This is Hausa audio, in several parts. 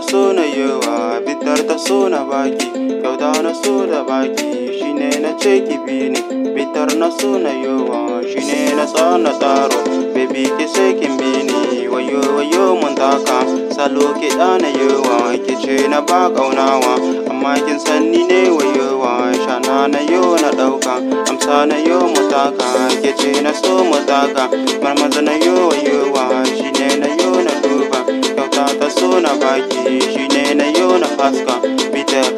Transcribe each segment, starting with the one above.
ta so na yawa bitar ta so na baki kyauta na so da baki shine na ce ki bi ni bitar na so na yawa shine na tsana tsaro baby ki sai kin bi ni wayo wayo mun taka salo ki na yawa ki ce na ba kaunawa amma kin san ni ne wa shana na yo na dauka amsa na yo ke ce na so mutaka marmaza na yo wayo haska bitar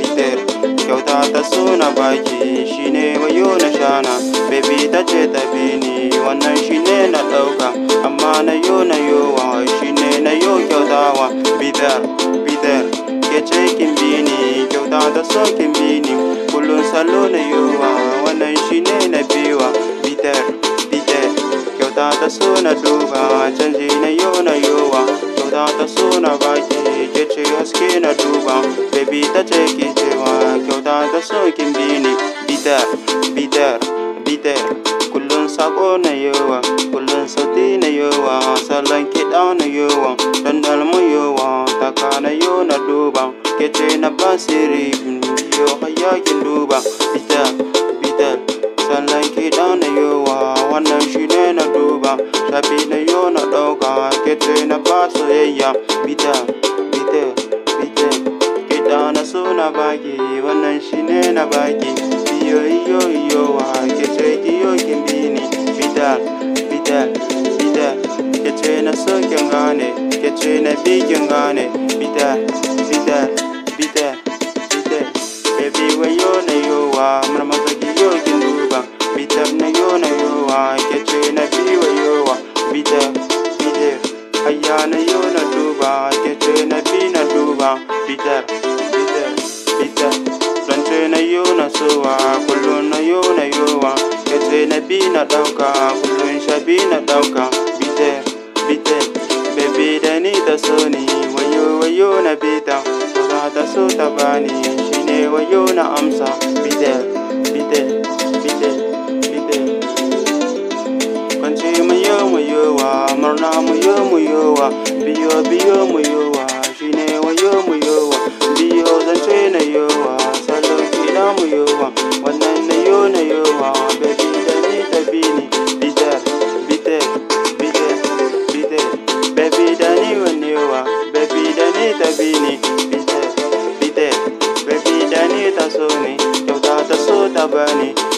bitar kyauta ta suna baki shine wayo na shana baby ta ce ta bini wannan shine na ɗauka amma na yo na yowa shine na yo kyautawa bitar bitar ke ce kin bini kyauta ta so kin bini kullum salo na yuwa wannan shine na biwa bitar bitar kyauta ta so na duba canji na yo na za ta so baki ke ce haske na duba baby ta ce ke cewa kyauta ta so kin bi ne bitar bitar kullum sako na yawa kullum sauti na yawa salon kiɗa na yawa don dalmu yawa taka na yo na duba ke ce na basiri yo hayakin duba bitar bitar salon kiɗa na yawa wannan shi ne na duba shafi na get in a battle, oh, yeah, bita, bita, bita. Get down a suna baki, wannan shi na baki. Iyo, iyo, iyo, wa ke iyo kin bi ni, bita, bita, na so kin gane, na bi kin ja Sante na na na na na bi na na Bite, bite, baby da ni ta so na bita, ba ta ta bani Shine wayu, na amsa, bite, bite, bite, bite Kwanci mayu, mayuwa, mu mayu, mayuwa, Biyo biyo mu to me. You've got a soda burning.